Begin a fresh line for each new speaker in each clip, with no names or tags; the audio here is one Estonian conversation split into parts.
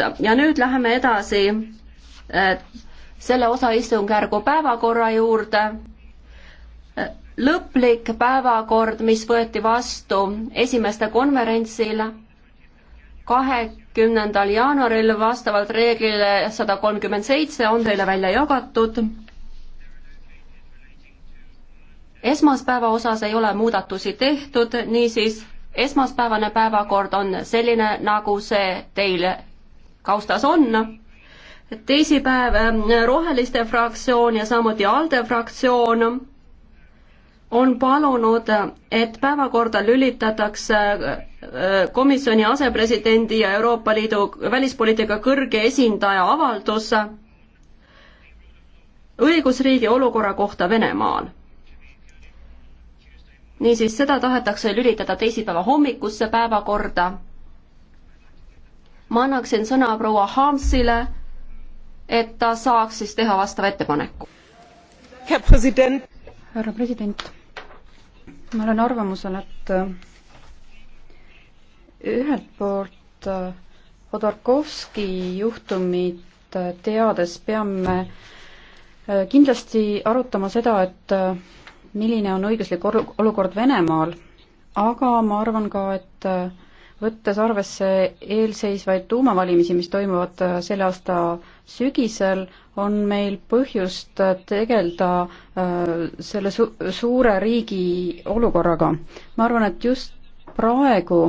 juunist ja nüüd läheme edasi äh, selle osa istungjärgu päevakorra juurde. Äh, lõplik päevakord, mis võeti vastu esimeste konverentsil kahekümnendal jaanuaril vastavalt reeglile sada kolmkümmend seitse on teile välja jagatud. esmaspäeva osas ei ole muudatusi tehtud, niisiis esmaspäevane päevakord on selline, nagu see teile kaustas on. teisipäev äh, Roheliste fraktsioon ja samuti ALDE fraktsioon on palunud, et päevakorda lülitatakse äh, komisjoni asepresidendi ja Euroopa Liidu välispoliitika kõrge esindaja avaldus õigusriigi olukorra kohta Venemaal. niisiis, seda tahetakse lülitada teisipäeva hommikusse päevakorda ma annaksin sõna proua Harmsile, et ta saaks siis teha vastava ettepaneku.
härra president, ma olen arvamusel, et äh, ühelt poolt äh, Hodorkovski juhtumit äh, teades peame kindlasti arutama seda, et milline on õiguslik olukord Venemaal, aga ma arvan ka, et võttes arvesse eelseisvaid tuumavalimisi, mis toimuvad äh, selle aasta sügisel, on meil põhjust äh, tegeleda äh, selle su-, suure riigi olukorraga. ma arvan, et just praegu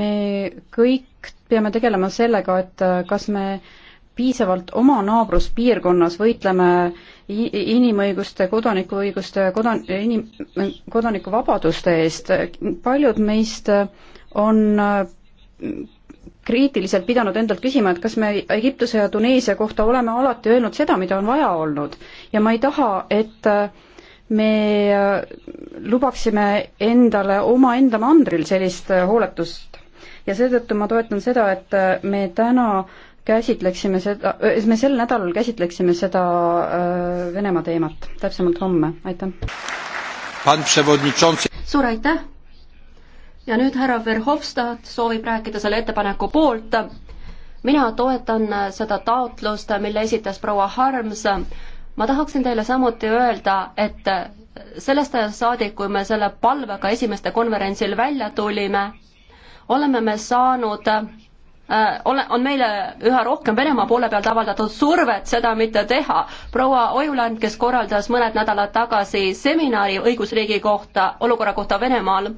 me kõik peame tegelema sellega, et kas me äh, piisavalt oma naabruspiirkonnas võitleme inimõiguste, kodanikuõiguste, kodan-, inim-, kodanikuvabaduste eest, paljud meist on kriitiliselt pidanud endalt küsima, et kas me Egiptuse ja Tuneesia kohta oleme alati öelnud seda, mida on vaja olnud. ja ma ei taha, et me lubaksime endale omaenda mandril sellist hooletust. ja seetõttu ma toetan seda, et me täna käsitleksime seda, äh, me sel nädalal käsitleksime seda äh, Venemaa teemat, täpsemalt homme, aitäh. suur aitäh! ja nüüd härra Verhofstadt soovib rääkida selle ettepaneku
poolt. mina toetan äh, seda taotlust, mille esitas proua Harms. ma tahaksin teile samuti öelda, et sellest ajast saadik, kui me selle palvega esimeste konverentsil välja tulime, oleme me saanud Äh, ole, on meile üha rohkem Venemaa poole pealt avaldatud survet seda mitte teha. proua Ojuland, kes korraldas mõned nädalad tagasi seminari õigusriigi kohta, olukorra kohta Venemaal,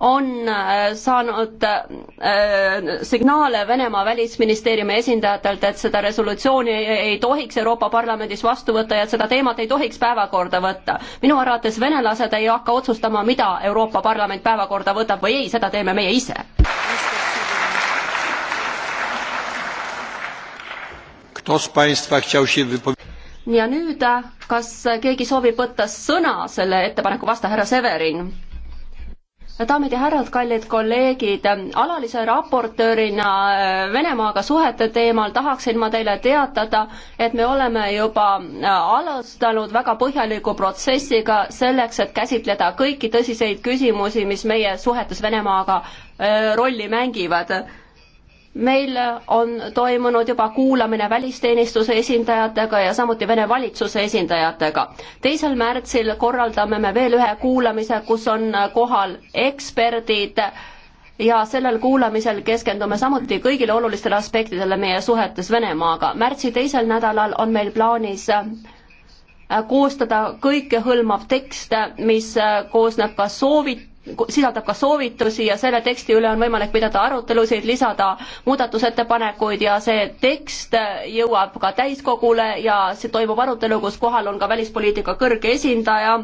on äh, saanud äh, signaale Venemaa välisministeeriumi esindajatelt, et seda resolutsiooni ei tohiks Euroopa Parlamendis vastu võtta ja et seda teemat ei tohiks päevakorda võtta. minu arvates venelased ei hakka otsustama, mida Euroopa Parlament päevakorda võtab või ei, seda teeme meie ise ja nüüd, kas keegi soovib võtta sõna selle ettepaneku vastu, härra Severin? daamid ja härrad, kallid kolleegid, alalise raportöörina äh, Venemaaga suhete teemal tahaksin ma teile teatada, et me oleme juba äh, alustanud väga põhjaliku protsessiga selleks, et käsitleda kõiki tõsiseid küsimusi, mis meie suhetes Venemaaga äh, rolli mängivad meil on toimunud juba kuulamine välisteenistuse esindajatega ja samuti Vene valitsuse esindajatega. teisel märtsil korraldame me veel ühe kuulamise, kus on kohal eksperdid ja sellel kuulamisel keskendume samuti kõigile olulistele aspektidele meie suhetes Venemaaga. märtsi teisel nädalal on meil plaanis koostada kõikehõlmav tekst, mis koosneb ka soovit-, sisaldab ka soovitusi ja selle teksti üle on võimalik pidada arutelusid, lisada muudatusettepanekuid ja see tekst jõuab ka täiskogule ja see toimub arutelu, kus kohal on ka välispoliitika kõrge esindaja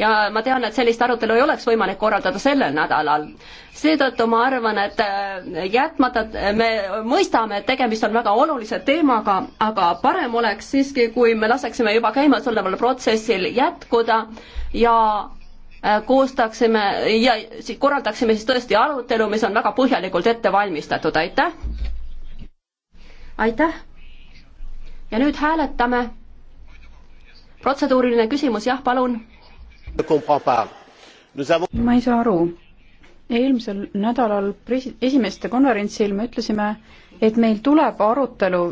ja ma tean, et sellist arutelu ei oleks võimalik korraldada sellel nädalal. seetõttu ma arvan, et äh, jätmata, me mõistame, et tegemist on väga olulise teemaga, aga parem oleks siiski, kui me laseksime juba käimasoleval protsessil jätkuda ja Äh, koostaksime ja korraldaksime siis tõesti arutelu, mis on väga põhjalikult ette valmistatud, aitäh! aitäh! ja nüüd hääletame.
protseduuriline küsimus, jah, palun. ma ei saa aru. eelmisel nädalal pres-, esimeste konverentsil me ütlesime, et meil tuleb arutelu,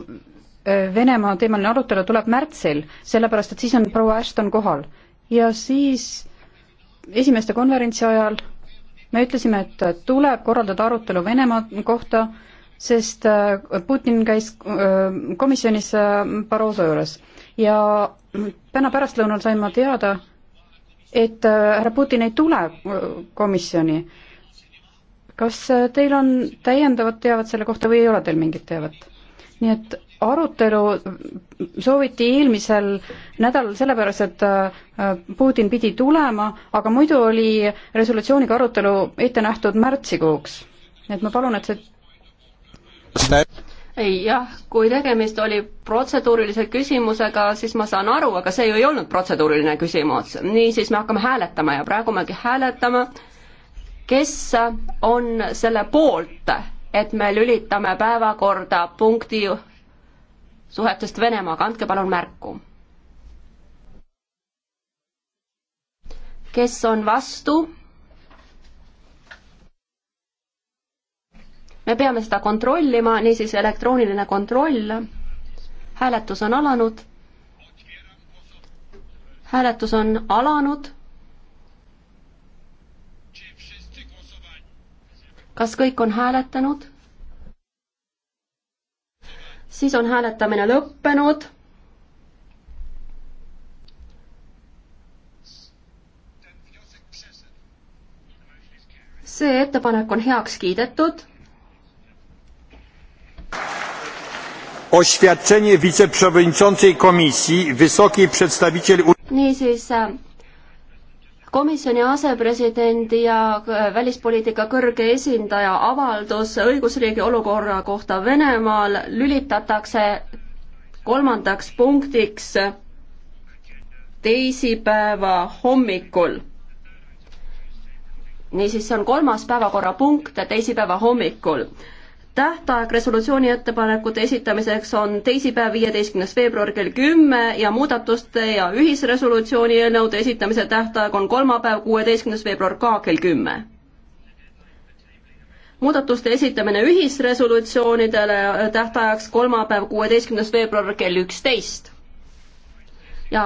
Venemaa teemaline arutelu tuleb märtsil, sellepärast et siis on proua Ashton kohal ja siis esimeste konverentsi ajal me ütlesime, et tuleb korraldada arutelu Venemaa kohta, sest äh, Putin käis äh, komisjonis äh, Barroso juures ja täna pärastlõunal sain ma teada, et härra Putin ei tule komisjoni. kas teil on täiendavat teavet selle kohta või ei ole teil mingit teavet? nii et arutelu sooviti eelmisel nädalal sellepärast, et äh, Putin pidi tulema, aga muidu oli resolutsiooniga arutelu ette nähtud märtsikuuks. et ma palun, et see ei jah, kui tegemist oli protseduurilise küsimusega,
siis ma saan aru, aga see ju ei olnud protseduuriline küsimus. niisiis, me hakkame hääletama ja praegu me hääletame, kes on selle poolt, et me lülitame päevakorda punkti suhetest Venemaaga, andke palun märku. kes on vastu? me peame seda kontrollima, niisiis elektrooniline kontroll. hääletus on alanud. hääletus on alanud. kas kõik on hääletanud? siis on hääletamine lõppenud. see ettepanek on heaks kiidetud.
oświadczenie wiceprzewodniczącej komisji wysokiej przedstawiciel
niisiis komisjoni asepresidendi ja äh, välispoliitika kõrge esindaja avaldus õigusriigi olukorra kohta Venemaal lülitatakse kolmandaks punktiks teisipäeva hommikul. niisiis, see on kolmas päevakorrapunkt teisipäeva hommikul tähtaeg resolutsiooni ettepanekute esitamiseks on teisipäev, viieteistkümnes veebruar kell kümme ja muudatuste ja ühisresolutsiooni eelnõude esitamise tähtaeg on kolmapäev, kuueteistkümnes veebruar ka kell kümme. muudatuste esitamine ühisresolutsioonidele tähtajaks kolmapäev, kuueteistkümnes veebruar kell üksteist. ja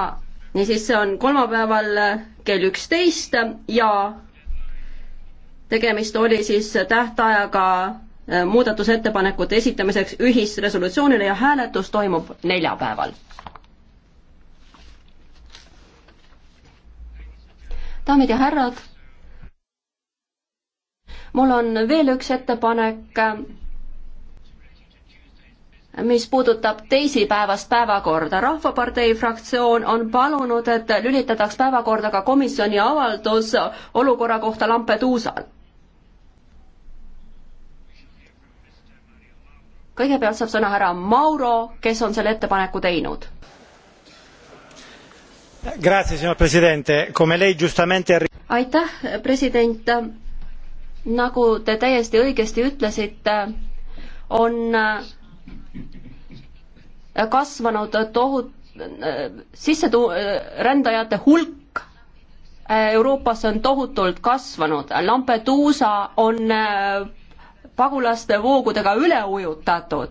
niisiis, see on kolmapäeval kell üksteist ja tegemist oli siis tähtajaga Äh, muudatusettepanekute esitamiseks ühisresolutsioonile ja hääletus toimub neljapäeval. daamid ja härrad, mul on veel üks ettepanek, äh, mis puudutab teisipäevast päevakorda. rahvapartei fraktsioon on palunud, et lülitataks päevakorda ka komisjoni avaldus olukorra kohta Lampeduusal kõigepealt saab sõna härra Mauro, kes on selle ettepaneku teinud. aitäh, president. nagu te täiesti õigesti ütlesite, on äh, kasvanud tohutu äh, sissetu-, äh, rändajate hulk Euroopas on tohutult kasvanud. Lampeduusa on pagulaste voogudega üle ujutatud.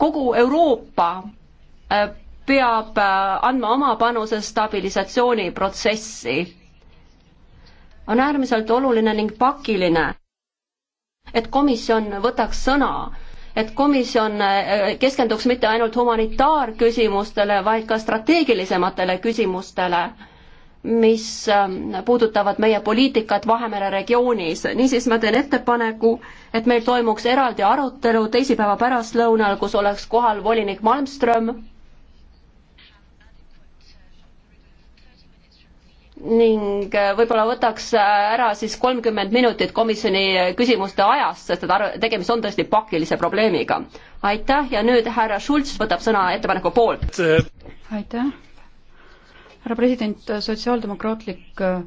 kogu Euroopa äh, peab äh, andma oma panuse stabilisatsiooniprotsessi. on äärmiselt oluline ning pakiline, et komisjon võtaks sõna, et komisjon äh, keskenduks mitte ainult humanitaarküsimustele, vaid ka strateegilisematele küsimustele mis ähm, puudutavad meie poliitikat Vahemere regioonis. niisiis ma teen ettepaneku, et meil toimuks eraldi arutelu teisipäeva pärastlõunal, kus oleks kohal volinik Malmström ning äh, võib-olla võtaks äh, ära siis kolmkümmend minutit komisjoni küsimuste ajast, sest et arv-, tegemist on tõesti pakilise probleemiga. aitäh ja nüüd härra Schultz võtab sõna ettepaneku poolt.
aitäh härra president, Sotsiaaldemokraatlik äh,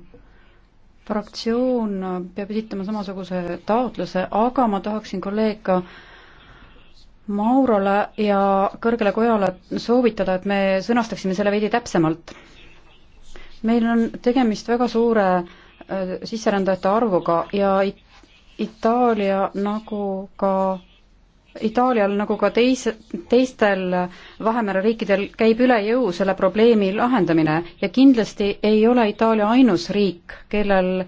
fraktsioon äh, peab esitama samasuguse taotluse, aga ma tahaksin kolleeg ka äh, Maurole ja Kõrgele Kojale soovitada, et me sõnastaksime selle veidi täpsemalt. meil on tegemist väga suure sisserändajate arvuga ja It Itaalia nagu ka Itaalial nagu ka teis, teistel Vahemere riikidel käib üle jõu selle probleemi lahendamine ja kindlasti ei ole Itaalia ainus riik, kellel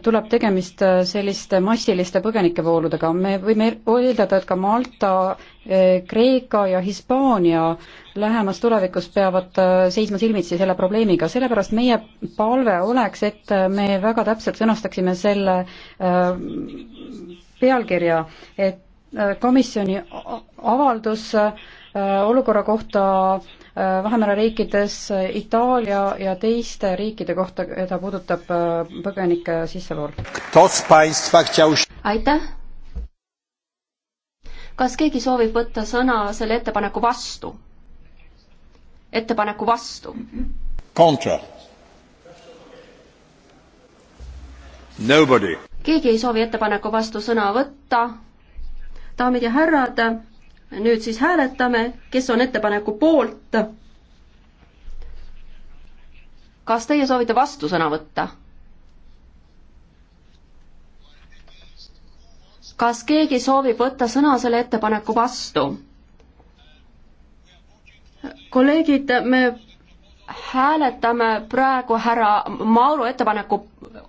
tuleb tegemist äh, selliste massiliste põgenikevooludega, me võime eeldada, et ka Malta, äh, Kreeka ja Hispaania lähemas tulevikus peavad äh, seisma silmitsi selle probleemiga, sellepärast meie palve oleks, et me väga täpselt sõnastaksime selle pealkirja, et komisjoni avaldus äh, olukorra kohta äh, Vahemere riikides äh, Itaalia ja teiste riikide kohta, keda puudutab põgenike sissevool. aitäh!
kas keegi soovib võtta sõna selle ettepaneku vastu? ettepaneku
vastu? Contra. Nobody.
keegi ei soovi ettepaneku vastu sõna võtta daamid ja härrad, nüüd siis hääletame, kes on ettepaneku poolt. kas teie soovite vastusõna võtta? kas keegi soovib võtta sõna selle ettepaneku vastu? kolleegid, me hääletame praegu härra Mauro ettepaneku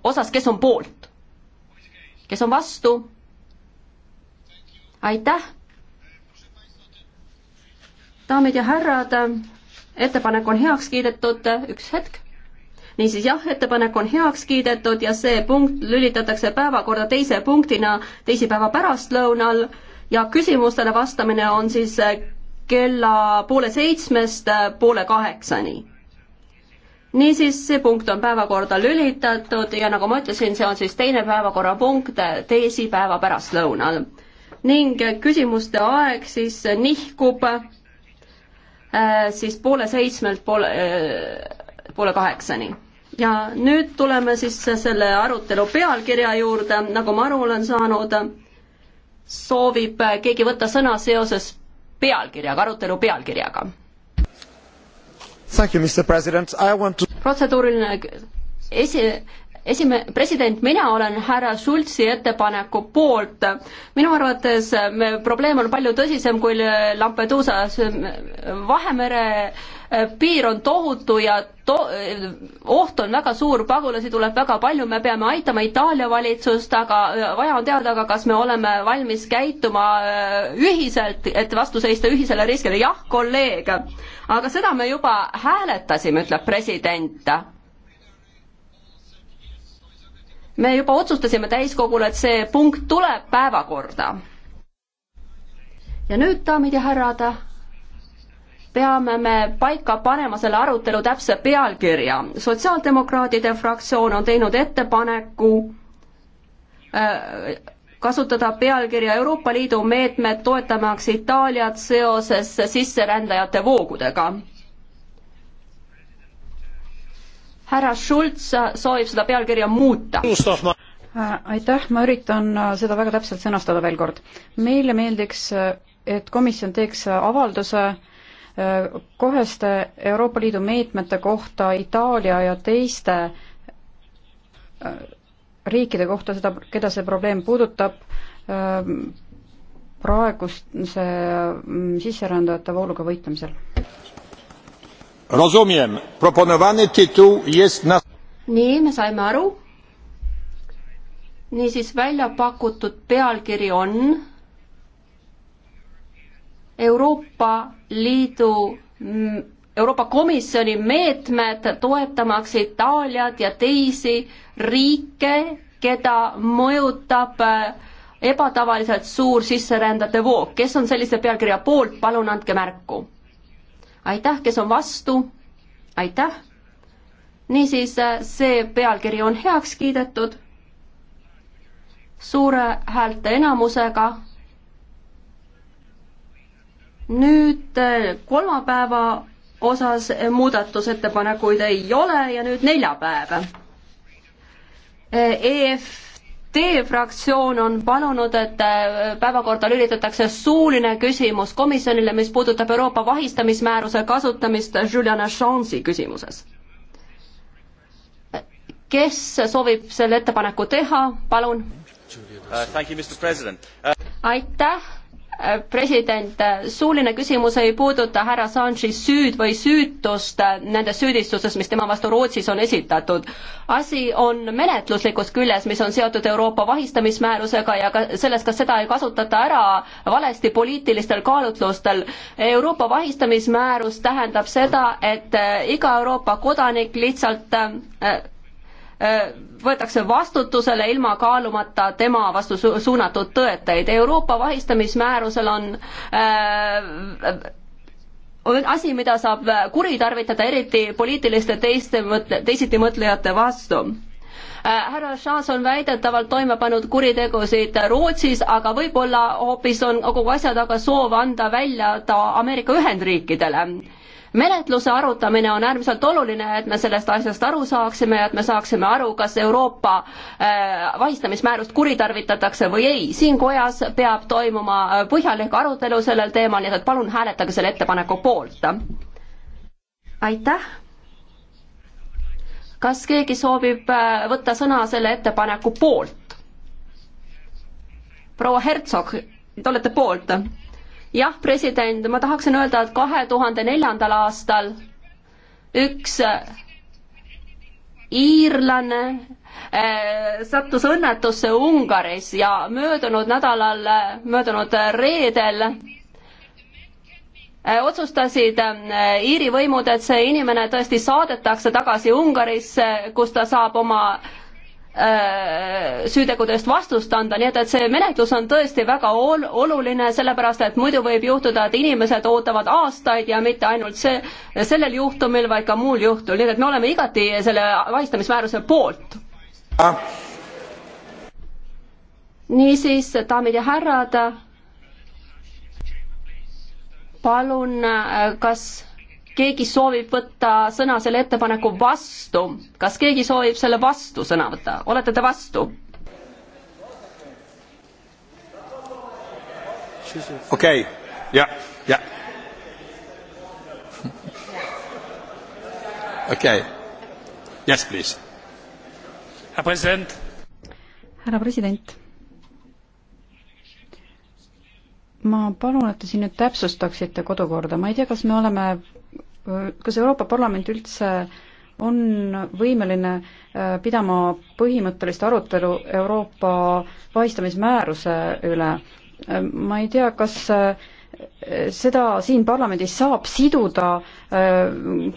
osas, kes on poolt, kes on vastu aitäh! daamid ja härrad, ettepanek on heaks kiidetud, üks hetk. niisiis jah, ettepanek on heaks kiidetud ja see punkt lülitatakse päevakorda teise punktina teisipäeva pärastlõunal ja küsimustele vastamine on siis kella poole seitsmest poole kaheksani. niisiis, see punkt on päevakorda lülitatud ja nagu ma ütlesin, see on siis teine päevakorrapunkt teisipäeva pärastlõunal ning küsimuste aeg siis nihkub äh, siis poole seitsmelt poole, äh, poole kaheksani. ja nüüd tuleme siis selle arutelu pealkirja juurde, nagu ma aru olen saanud, soovib keegi võtta sõna seoses pealkirjaga, arutelu pealkirjaga.
To...
protseduuriline esi-, esime-, president, mina olen härra Schulzi ettepaneku poolt. minu arvates äh, me, probleem on palju tõsisem kui äh, Lampeduusas. Vahemere äh, piir on tohutu ja to-, oht on väga suur, pagulasi tuleb väga palju, me peame aitama Itaalia valitsust, aga vaja on teada ka, kas me oleme valmis käituma ühiselt, et vastu seista ühisele riskile. jah, kolleeg, aga seda me juba hääletasime, ütleb president me juba otsustasime täiskogul, et see punkt tuleb päevakorda. ja nüüd, daamid ja härrad, peame me paika panema selle arutelu täpse pealkirja. sotsiaaldemokraatide fraktsioon on teinud ettepaneku äh, kasutada pealkirja Euroopa Liidu meetmed toetamaks Itaaliat seoses sisserändajate voogudega
härra Schulz soovib seda pealkirja muuta. Äh, aitäh, ma üritan äh, seda väga täpselt sõnastada veel kord. meile meeldiks, äh, et komisjon teeks avalduse koheste Euroopa Liidu meetmete kohta Itaalia ja teiste riikide kohta, seda, keda see probleem puudutab, praeguse sisserändajate vooluga võitlemisel? Rozumiem, proponowany tytuł jest na... nii, me saime aru.
niisiis välja pakutud pealkiri on Euroopa Liidu, Euroopa Komisjoni meetmed toetamaks Itaaliat ja teisi riike, keda mõjutab eh, ebatavaliselt suur sisserändajate voog. kes on sellise pealkirja poolt, palun andke märku aitäh, kes on vastu, aitäh. niisiis, äh, see pealkiri on heaks kiidetud suure häälte enamusega. nüüd äh, kolmapäeva osas muudatusettepanekuid ei ole ja nüüd neljapäev. Äh, EF Teie fraktsioon on palunud, et äh, päevakorda lülitatakse suuline küsimus komisjonile, mis puudutab Euroopa vahistamismääruse kasutamist Julian Assange'i küsimuses. kes soovib selle ettepaneku teha, palun? Uh,
you, uh...
aitäh president, suuline küsimus ei puuduta härra Assange'i süüd või süütust nendes süüdistuses, mis tema vastu Rootsis on esitatud. asi on menetluslikus küljes, mis on seotud Euroopa vahistamismäärusega ja ka selles, kas seda ei kasutata ära valesti poliitilistel kaalutlustel. Euroopa vahistamismäärus tähendab seda, et iga Euroopa kodanik lihtsalt äh, võetakse vastutusele ilma kaalumata tema vastu su suunatud tõeteid. Euroopa vahistamismäärusel on äh, on asi, mida saab kuritarvitada, eriti poliitiliste teiste mõtle, teisitimõtlejate vastu äh, härra Šaas on väidetavalt toime pannud kuritegusid Rootsis, aga võib-olla hoopis on kogu asja taga soov anda välja ta Ameerika Ühendriikidele menetluse arutamine on äärmiselt oluline, et me sellest asjast aru saaksime ja et me saaksime aru, kas Euroopa äh, vahistamismäärust kuritarvitatakse või ei. siin kojas peab toimuma äh, põhjalik arutelu sellel teemal, nii et palun hääletage selle ettepaneku poolt. aitäh. kas keegi soovib äh, võtta sõna selle ettepaneku poolt? proua Hertsog, te olete poolt? jah, president, ma tahaksin öelda, et kahe tuhande neljandal aastal üks äh, iirlane äh, sattus õnnetusse Ungaris ja möödunud nädalal, äh, möödunud äh, reedel äh, otsustasid äh, Iiri võimud, et see inimene tõesti saadetakse tagasi Ungarisse, kus ta saab oma äh, Äh, süütegudest vastust anda, nii et, et see menetlus on tõesti väga ol-, oluline, sellepärast et muidu võib juhtuda, et inimesed ootavad aastaid ja mitte ainult see, sellel juhtumil, vaid ka muul juhtul, nii et me oleme igati selle vahistamismääruse poolt ah.. niisiis, daamid ja härrad, palun, äh, kas keegi soovib võtta sõna selle ettepaneku vastu, kas keegi soovib selle vastu sõna võtta, olete te vastu?
okei okay., ja, ja. okei okay., yes please. härra president. härra president ma palun, et te siin nüüd täpsustaksite kodukorda, ma ei tea, kas me oleme kas Euroopa Parlament üldse on võimeline äh, pidama põhimõttelist arutelu Euroopa vahistamismääruse üle? Äh, ma ei tea, kas äh, seda siin parlamendis saab siduda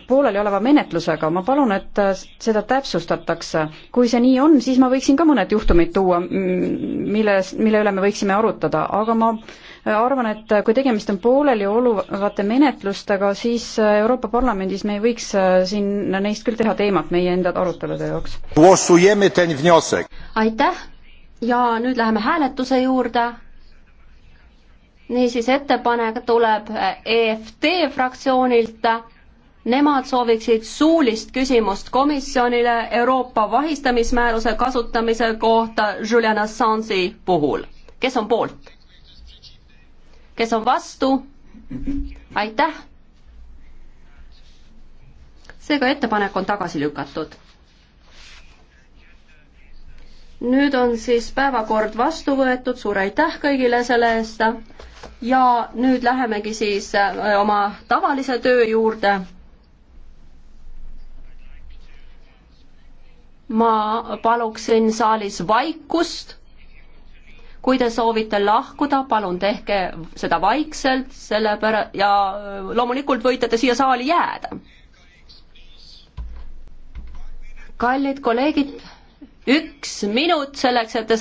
poolelioleva menetlusega, ma palun, et seda täpsustatakse. kui see nii on, siis ma võiksin ka mõned juhtumid tuua, milles, mille üle me võiksime arutada, aga ma äh, arvan, et kui tegemist on pooleliolevate menetlustega, siis Euroopa Parlamendis me ei võiks äh, siin neist küll teha teemat meie enda arutelude jaoks. aitäh ja nüüd läheme hääletuse juurde. niisiis,
ettepanek tuleb EFT fraktsioonilt. Nemad sooviksid suulist küsimust komisjonile Euroopa vahistamismääruse kasutamise kohta Julian Assange'i puhul. kes on poolt? kes on vastu? aitäh. seega ettepanek on tagasi lükatud. nüüd on siis päevakord vastu võetud, suur aitäh kõigile selle eest ja nüüd lähemegi siis äh, oma tavalise töö juurde ma paluksin saalis vaikust kui te soovite lahkuda, palun tehke seda vaikselt, selle pära- ja äh, loomulikult võite te siia saali jääda. kallid kolleegid, üks minut selleks, et te